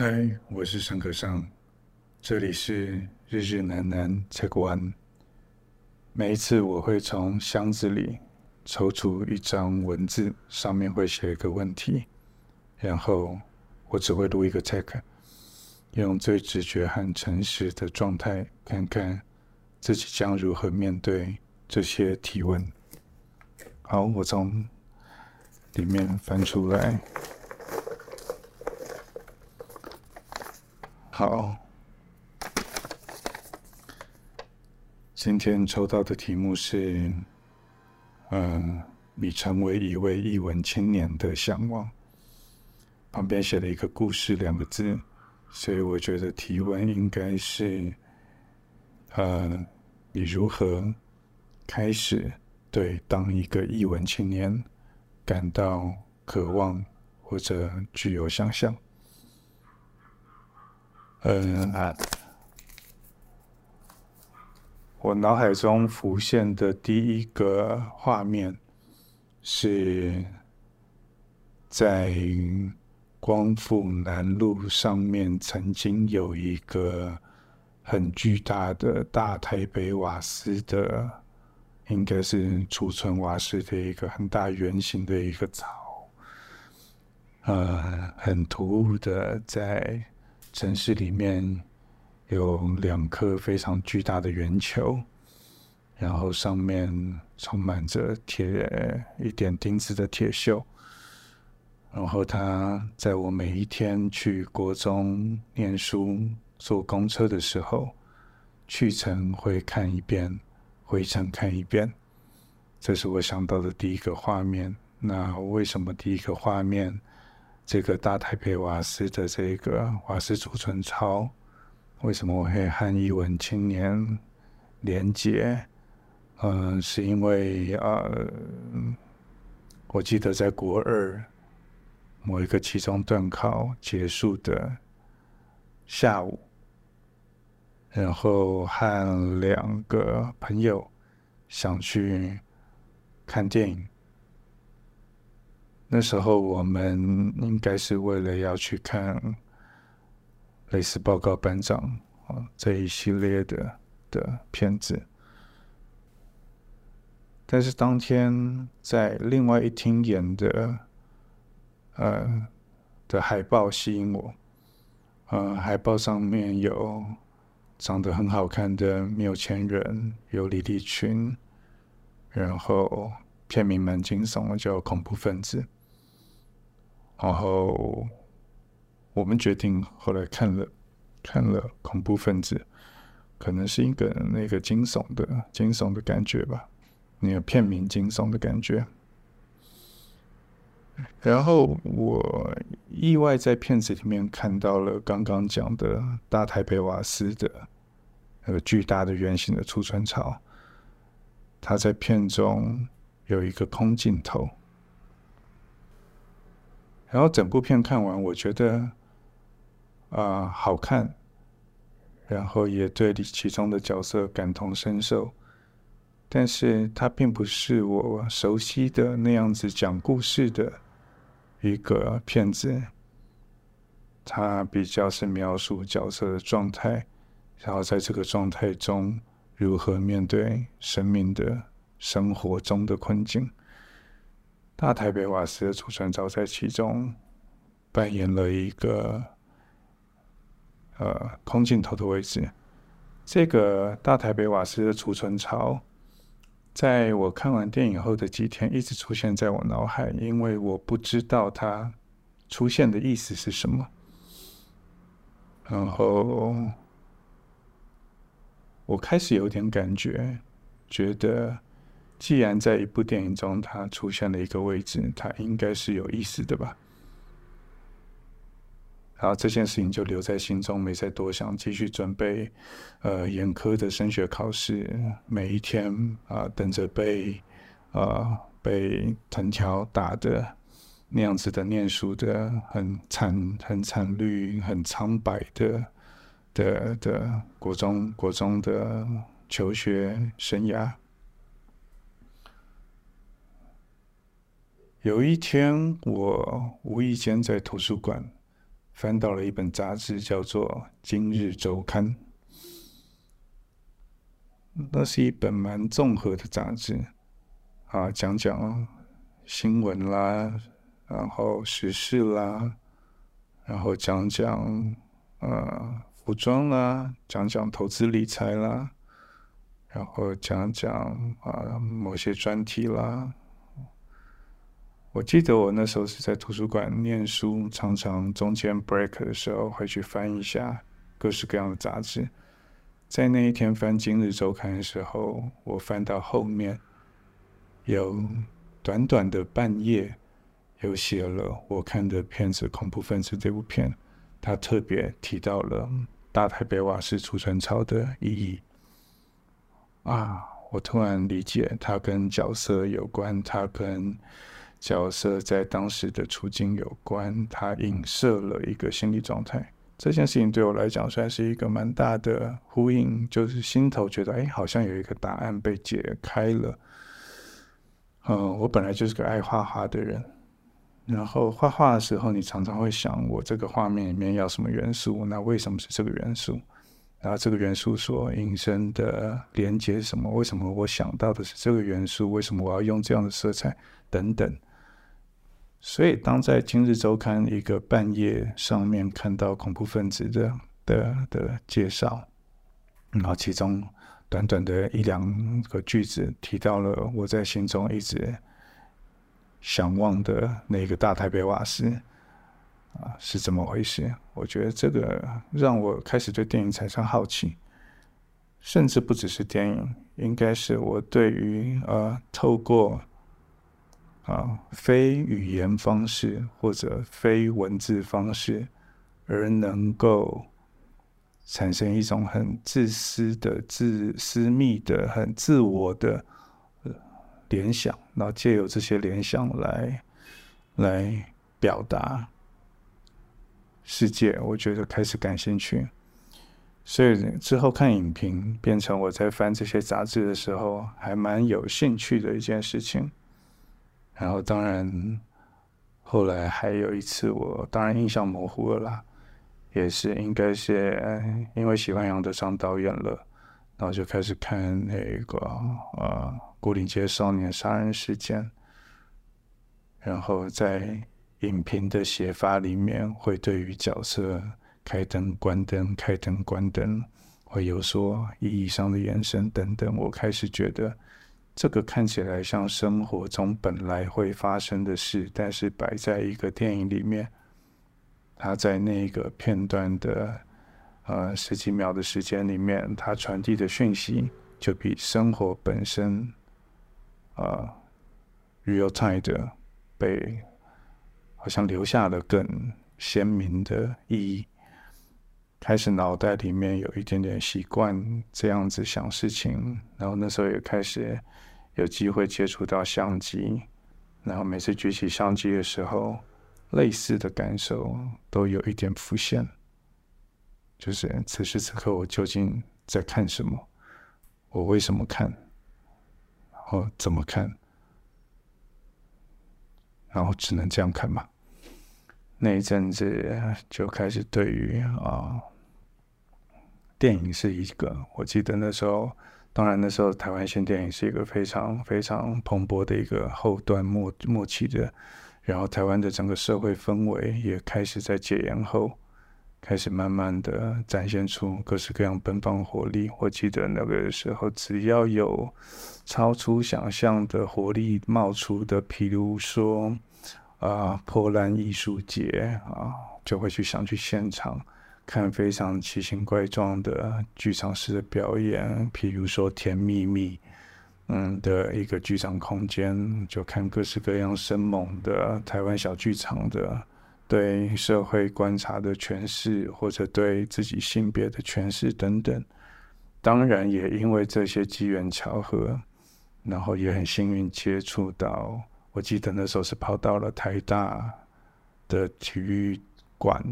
嗨，Hi, 我是陳可尚，這裡是日日難難 Take One。每一次我會從箱子裡抽出一張文字，上面會寫一個問題，然後我只會錄一個 take，用最直覺和誠實的狀態，看看自己將如何面對這些提問。好，我從裡面翻出來。好，今天抽到的題目是，嗯、呃，你成為一位藝文青年的嚮往。旁邊寫了一個“故事”兩個字，所以我覺得提問應該是，呃，你如何開始對當一個藝文青年感到渴望或者具有想象？嗯啊，我腦海中浮現的第一個畫面，是在光復南路上面，曾經有一個很巨大的大台北瓦斯的，應該是儲存瓦斯的一個很大圓形的一個槽，呃、嗯，很突兀的在。城市裡面有兩顆非常巨大的圓球，然後上面充滿着鐵一點釘子的鐵鏽，然後他在我每一天去國中念書坐公車的時候，去程會看一遍，回程看一遍，這是我想到的第一個畫面。那為什麼第一個畫面？這個大台北瓦斯的這個瓦斯儲存槽，為什麼我會和藝文青年連接？嗯，是因為啊、呃，我記得在國二某一個期中段考結束的下午，然後和兩個朋友想去看電影。那時候我們應該是為了要去看《類似報告班長》啊這一系列的的片子，但是當天在另外一廳演的，呃的海報吸引我，呃海報上面有長得很好看的繆騫人，有李立群，然後片名蠻驚悚的叫恐怖分子。然後我們決定後來看了，看了恐怖分子，可能是一個那個驚悚的驚悚的感覺吧，那個片名驚悚的感覺。然後我意外在片子裡面看到了剛剛講的大台北瓦斯的那個巨大的圓形的儲存槽，他在片中有一個空鏡頭。然後整部片看完，我覺得，啊、呃，好看，然後也對其中的角色感同身受，但是它並不是我熟悉的那樣子講故事的一個片子，它比較是描述角色的狀態，然後在這個狀態中如何面對生命的、生活中的困境。大台北瓦斯的儲存槽在其中扮演了一個呃空鏡頭的位置。這個大台北瓦斯的儲存槽，在我看完電影後的幾天一直出現在我腦海，因為我不知道它出現的意思是什麼。然後我開始有點感覺，覺得。既然在一部電影中，它出現了一個位置，它應該是有意思的吧。然後這件事情就留在心中，沒再多想，繼續準備呃嚴苛的升學考試。每一天啊、呃，等着被啊、呃、被藤條打的那樣子的念書的，很慘、很慘綠、很蒼白的的的國中國中的求學生涯。有一天，我無意間在圖書館翻到了一本雜誌，叫做《今日週刊》。那是一本蠻綜合的雜誌，啊，講講新聞啦，然後時事啦，然後講講啊服裝啦，講講投資理財啦，然後講講啊某些專題啦。我記得我那時候是在圖書館念書，常常中間 break 的時候會去翻一下各式各樣的雜誌。在那一天翻《今日週刊》的時候，我翻到後面有短短的半頁，有寫了我看的片子《恐怖分子》這部片，他特別提到了大台北瓦斯儲存槽的意義。啊！我突然理解它跟角色有關，它跟角色在當時的處境有關，它影射了一個心理狀態。這件事情對我來講算是一個蠻大的呼應，就是心頭覺得，哎，好像有一個答案被解開了。嗯，我本來就是個愛畫畫的人，然後畫畫的時候，你常常會想，我這個畫面裡面要什麼元素？那為什麼是這個元素？然後這個元素所引申的連接什麼？為什麼我想到的是這個元素？為什麼我要用這樣的色彩？等等。所以，當在《今日週刊》一個半頁上面看到恐怖分子的的的介紹，然後其中短短的一兩個句子提到了我在心中一直嚮往的那個大台北瓦斯啊是怎麼回事？我覺得這個讓我開始對電影產生好奇，甚至不只是電影，應該是我對於呃透過。啊，非語言方式或者非文字方式，而能夠產生一種很自私的、自私密的、很自我的聯想，然後借由這些聯想來來表達世界，我覺得開始感興趣，所以之後看影評變成我在翻這些雜誌的時候，還蠻有興趣的一件事情。然後，當然，後來還有一次我，我當然印象模糊了啦，也是應該是因為喜歡楊德昌導演了，然後就開始看那個呃《牯嶺街少年殺人事件》，然後在影評的寫法裡面，會對於角色開燈、關燈、開燈、關燈，會有說意義上的延伸等等，我開始覺得。這個看起來像生活中本來會發生的事，但是擺在一個電影裡面，他在那個片段的呃十幾秒的時間裡面，他傳遞的訊息就比生活本身啊，real time 的，被好像留下了更鮮明的意義。開始腦袋裡面有一點點習慣這樣子想事情，然後那時候也開始。有機會接觸到相機，然後每次舉起相機的時候，類似的感受都有一點浮現。就是此時此刻，我究竟在看什麼？我為什麼看？然後怎麼看？然後只能這樣看嘛。那一陣子就開始對於啊，電影是一個，我記得那時候。當然，那時候台灣新電影是一個非常非常蓬勃的一個後段末末期的，然後台灣的整個社會氛圍也開始在解嚴後開始慢慢的展現出各式各樣奔放活力。我記得那個時候，只要有超出想象的活力冒出的，譬如說啊破爛藝術節啊，就會去想去現場。看非常奇形怪狀的劇場式的表演，譬如說《甜蜜蜜》，嗯，的一個劇場空間，就看各式各樣生猛的台灣小劇場的對社會觀察的詮釋，或者對自己性別的詮釋等等。當然，也因為這些機緣巧合，然後也很幸運接觸到，我記得那時候是跑到了台大的體育館。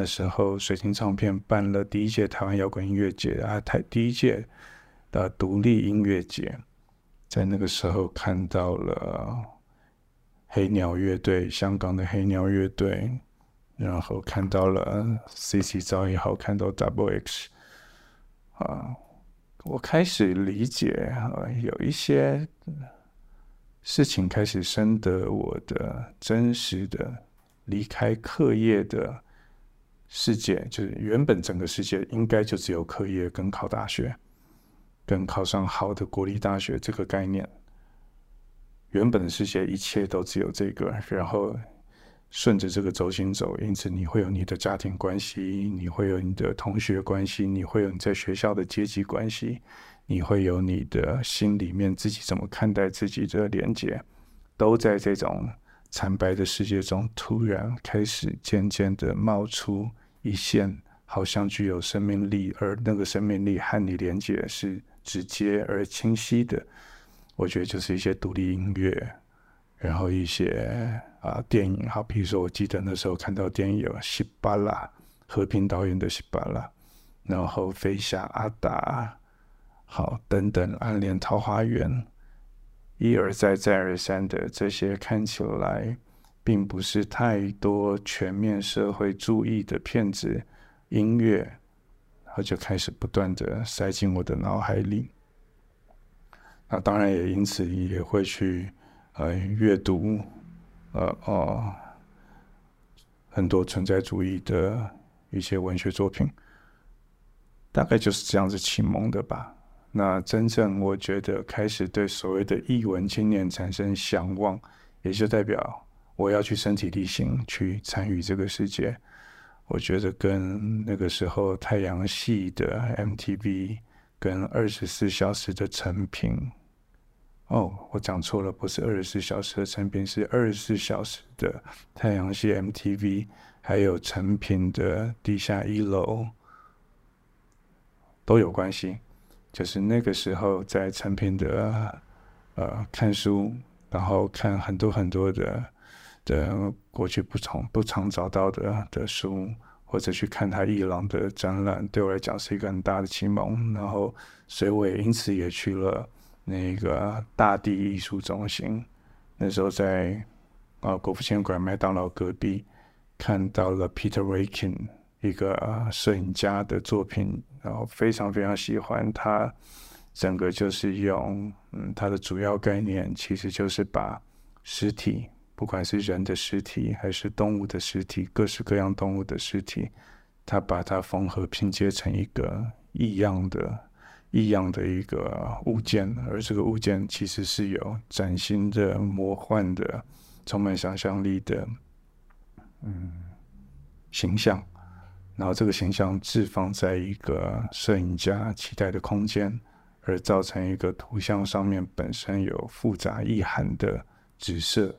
那時候，水晶唱片辦了第一屆台灣搖滾音樂節啊，台第一屆的獨立音樂節，在那個時候看到了黑鳥樂隊，香港的黑鳥樂隊，然後看到了 C C 張，也好，看到 Double X, X，啊，我開始理解啊，有一些事情開始深得我的真實的離開課業的。世界就是原本整個世界應該就只有課業跟考大學，跟考上好的國立大學這個概念。原本的世界一切都只有這個，然後順着這個軸心走，因此你會有你的家庭關係，你會有你的同學關係，你會有你在學校的階級關係，你會有你的心裡面自己怎麼看待自己的連接。都在這種慘白的世界中突然開始漸漸的冒出。一線好像具有生命力，而那個生命力和你連接是直接而清晰的。我覺得就是一些獨立音樂，然後一些啊電影，好、啊，比如說我記得那時候看到電影有、哦《西巴拉》，和平導演的《西巴拉》，然後《飛俠阿達》，好，等等，《暗戀桃花源》，一而再，再而三的這些看起來。並不是太多全面社會主義的片子、音樂，然後就開始不斷的塞進我的腦海裡。那當然也因此也會去呃閱讀呃哦很多存在主義的一些文學作品，大概就是這樣子啟蒙的吧。那真正我覺得開始對所謂的藝文青年產生嚮往，也就代表。我要去身體力行去參與這個世界，我覺得跟那個時候太陽系的 MTV 跟二十四小時的誠品，哦，我講錯了，不是二十四小時的誠品，是二十四小時的太陽系 MTV，還有誠品的地下一樓都有關係。就是那個時候在誠品的呃看書，然後看很多很多的。對，過去不常不常找到的的書，或者去看他藝廊的展覽，對我來講是一個很大的啟蒙。然後，所以我也因此也去了那個大地藝術中心。那時候在啊國父紀念館麥當勞隔壁，看到了 Peter Witkin 一個啊、攝影家的作品，然後非常非常喜歡他整個就是用嗯他的主要概念其實就是把屍體。不管是人的屍體還是動物的屍體，各式各樣動物的屍體，它把它縫合拼接成一個異樣的、異樣的一個物件，而這個物件其實是有嶄新的、魔幻的、充滿想象力的，嗯，形象，然後這個形象置放在一個攝影家期待的空間，而造成一個圖像上面本身有複雜意涵的折射。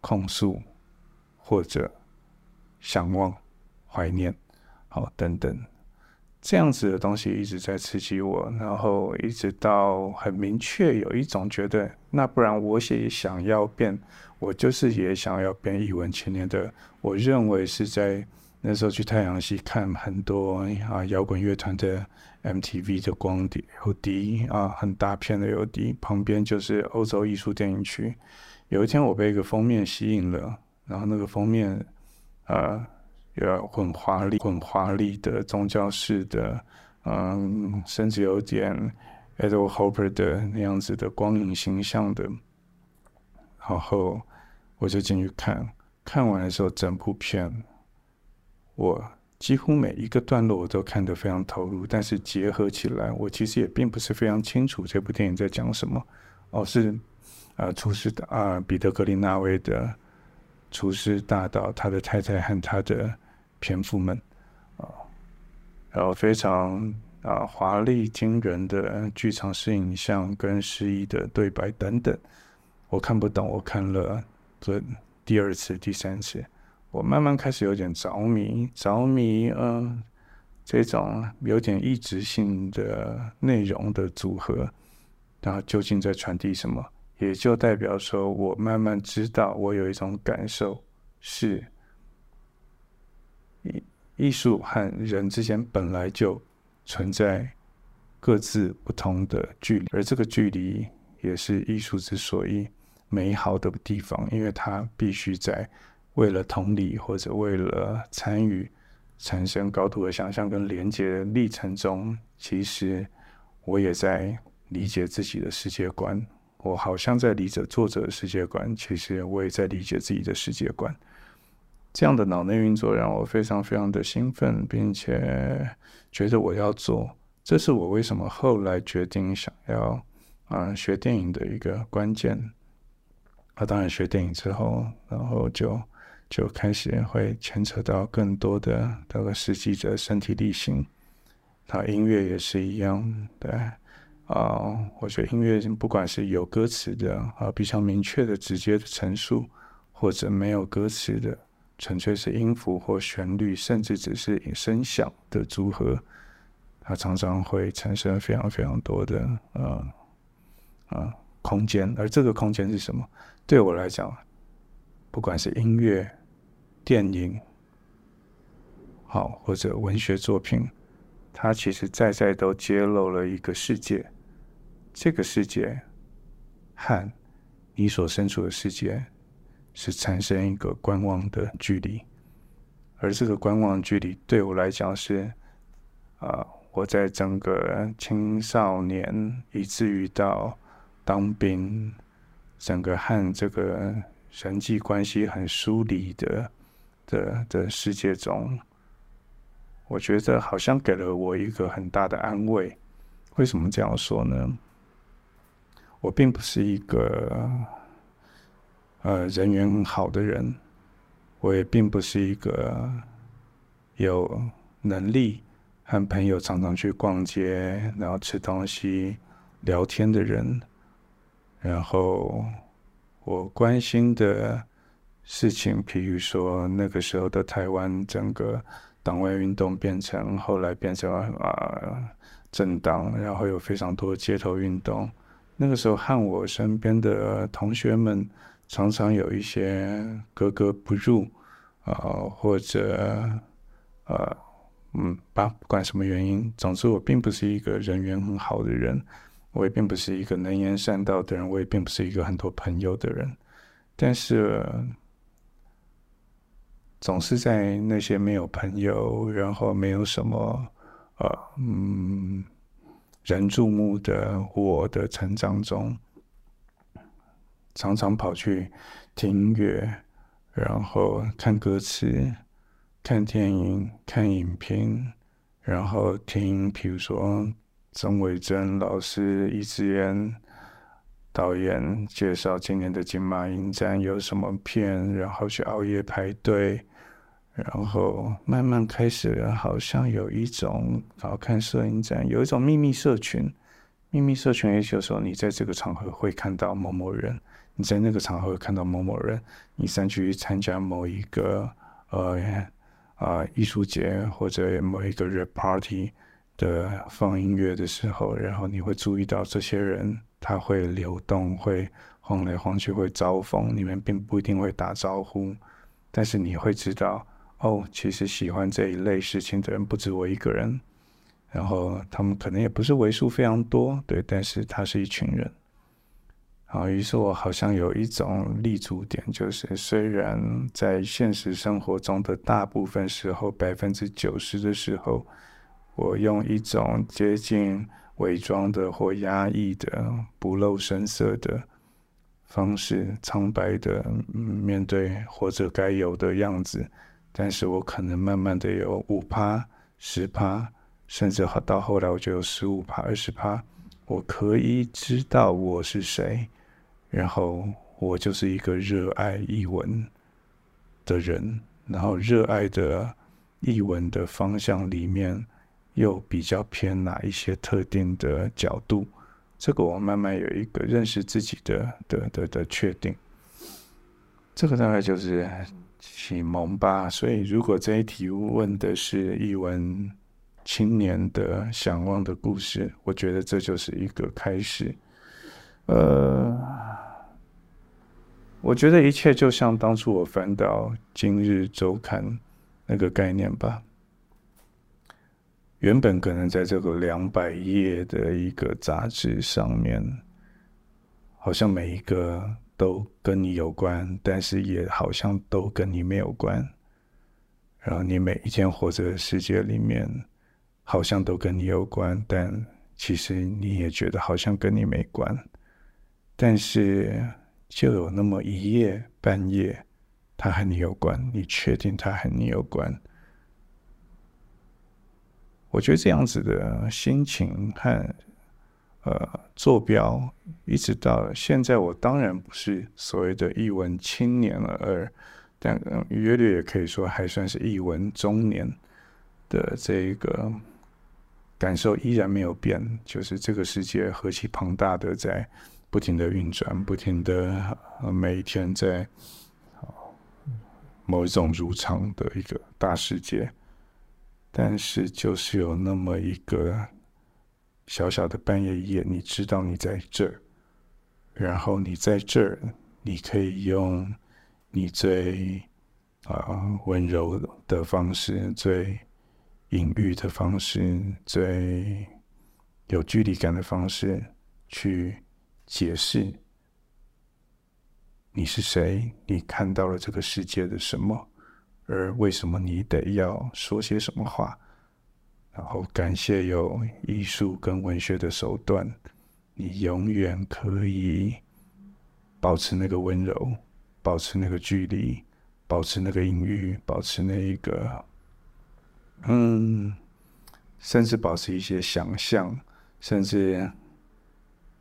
控訴，或者嚮往懷念，好等等，這樣子的東西一直在刺激我，然後一直到很明確有一種覺得，那不然我也想要變，我就是也想要變，藝文青年的，我認為是在那時候去太陽系看很多啊搖滾樂團的 MTV 的光碟，有碟啊很大片的 LD，旁邊就是歐洲藝術電影區。有一天，我被一個封面吸引了，然後那個封面，呃，有點很華麗、很華麗的宗教式的，嗯，甚至有點 Edward Hopper 的那樣子的光影形象的，然後我就進去看。看完的時候，整部片，我幾乎每一個段落我都看得非常投入，但是結合起來，我其實也並不是非常清楚這部電影在講什麼，而、哦、是。啊，廚師大啊，彼得格林納威的廚師大盜，他的太太和他的偏父們、哦、還有啊，然後非常啊華麗驚人的劇場式影像跟詩意的對白等等，我看不懂。我看了這第二次、第三次，我慢慢開始有點着迷，着迷呃、嗯、這種有點異質性的內容的組合，然、啊、後究竟在傳遞什麼？也就代表說，我慢慢知道，我有一種感受是，藝術和人之間本來就存在各自不同的距離，而這個距離也是藝術之所以美好的地方，因為它必須在為了同理或者為了參與產生高度的想象跟連接的歷程中，其實我也在理解自己的世界觀。我好像在理解作者的世界觀，其實我也在理解自己的世界觀。這樣的腦內運作讓我非常非常的興奮，並且覺得我要做。這是我為什麼後來決定想要啊、呃、學電影的一個關鍵。啊，當然，學電影之後，然後就就開始會牽扯到更多的這個實際的身體力行。那、啊、音樂也是一樣的。對。啊，我覺得音樂不管是有歌詞的啊，比較明確的、直接的陳述，或者沒有歌詞的，純粹是音符或旋律，甚至只是聲響的組合，它常常會產生非常非常多的啊啊空間。而這個空間是什麼？對我來講，不管是音樂、電影，好，啊，或者文學作品，它其實在在都揭露了一個世界。這個世界和你所身處的世界是產生一個觀望的距離，而這個觀望距離對我來講是啊，我在整個青少年以至於到當兵，整個和這個人際關係很疏離的的的世界中，我覺得好像給了我一個很大的安慰。為什麼這樣說呢？我並不是一個呃人緣很好的人，我也並不是一個有能力和朋友常常去逛街，然後吃東西、聊天的人。然後我關心的事情，譬如說那個時候的台灣，整個黨外運動變成，後來變成啊政黨，然後有非常多的街頭運動。那個時候，和我身邊的同學們常常有一些格格不入，啊、呃，或者，呃，嗯，吧，不管什麼原因，總之我並不是一個人緣很好的人，我也並不是一個能言善道的人，我也並不是一個很多朋友的人，但是，呃，總是在那些沒有朋友，然後沒有什麼，啊、呃，嗯。人注目的我的成長中，常常跑去聽音樂，然後看歌詞，看電影、看影片，然後聽，比如說曾偉珍老師、易智言導演介紹今年的金馬影展有什麼片，然後去熬夜排隊。然後慢慢開始，好像有一種，然後看攝影展，有一種秘密社群。秘密社群也就是說，你在這個場合會看到某某人，你在那個場合看到某某人。你上去參加某一個呃啊、呃、藝術節或者某一個 rap party 的放音樂的時候，然後你會注意到這些人，他會流動，會晃來晃去會，會招風。你們並不一定會打招呼，但是你會知道。哦，其實喜歡這一類事情的人不止我一個人，然後他們可能也不是為數非常多，對，但是他是一群人。好、啊，於是我好像有一種立足點，就是雖然在現實生活中的大部分時候，百分之九十的時候，我用一種接近偽裝的或壓抑的、不露聲色的方式，蒼白的、嗯、面對活著該有的樣子。但是我可能慢慢的有五趴、十趴，甚至到後來我就有十五趴、二十趴，我可以知道我是誰，然後我就是一個熱愛藝文的人，然後熱愛的藝文的方向裡面又比較偏哪一些特定的角度，這個我慢慢有一個認識自己的的的的確定。這個大概就是。啟蒙吧，所以如果這一題問的是藝文青年的想望的故事，我覺得這就是一個開始。呃，我覺得一切就像當初我翻到《今日週刊》那個概念吧，原本可能在這個兩百頁的一個雜誌上面，好像每一個。都跟你有關，但是也好像都跟你沒有關。然後你每一天活在世界裡面，好像都跟你有關，但其實你也覺得好像跟你沒關。但是就有那麼一夜半夜，他和你有關，你確定他和你有關？我覺得這樣子的心情和呃。坐標一直到現在，我當然不是所謂的藝文青年了，而但約略也可以說還算是藝文中年的這一個感受依然沒有變，就是這個世界何其龐大的，在不停的運轉，不停的每一天在某一種如常的一個大世界，但是就是有那麼一個。小小的半夜一夜，你知道你在這兒，然後你在這兒，你可以用你最啊溫柔的方式、最隱喻的方式、最有距離感的方式去解釋你是誰，你看到了這個世界的什麼，而為什麼你得要說些什麼話。然後感謝有藝術跟文學的手段，你永遠可以保持那個溫柔，保持那個距離，保持那個隱喻，保持那一個，嗯，甚至保持一些想象，甚至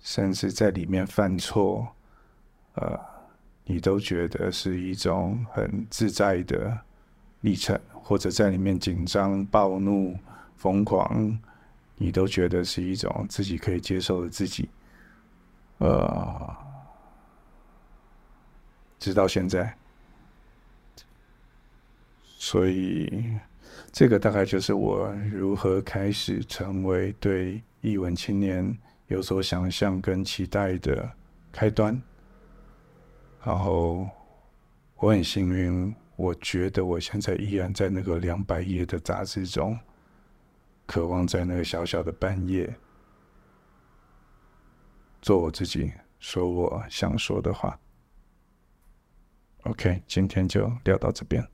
甚至在裡面犯錯，呃，你都覺得是一種很自在的歷程，或者在裡面緊張、暴怒。瘋狂，你都覺得是一種自己可以接受的自己，呃，直到現在，所以這個大概就是我如何開始成為對藝文青年有所想象跟期待的開端。然後我很幸運，我覺得我現在依然在那個兩百頁的雜誌中。渴望在那個小小的半夜，做我自己，說我想說的話。OK，今天就聊到這邊。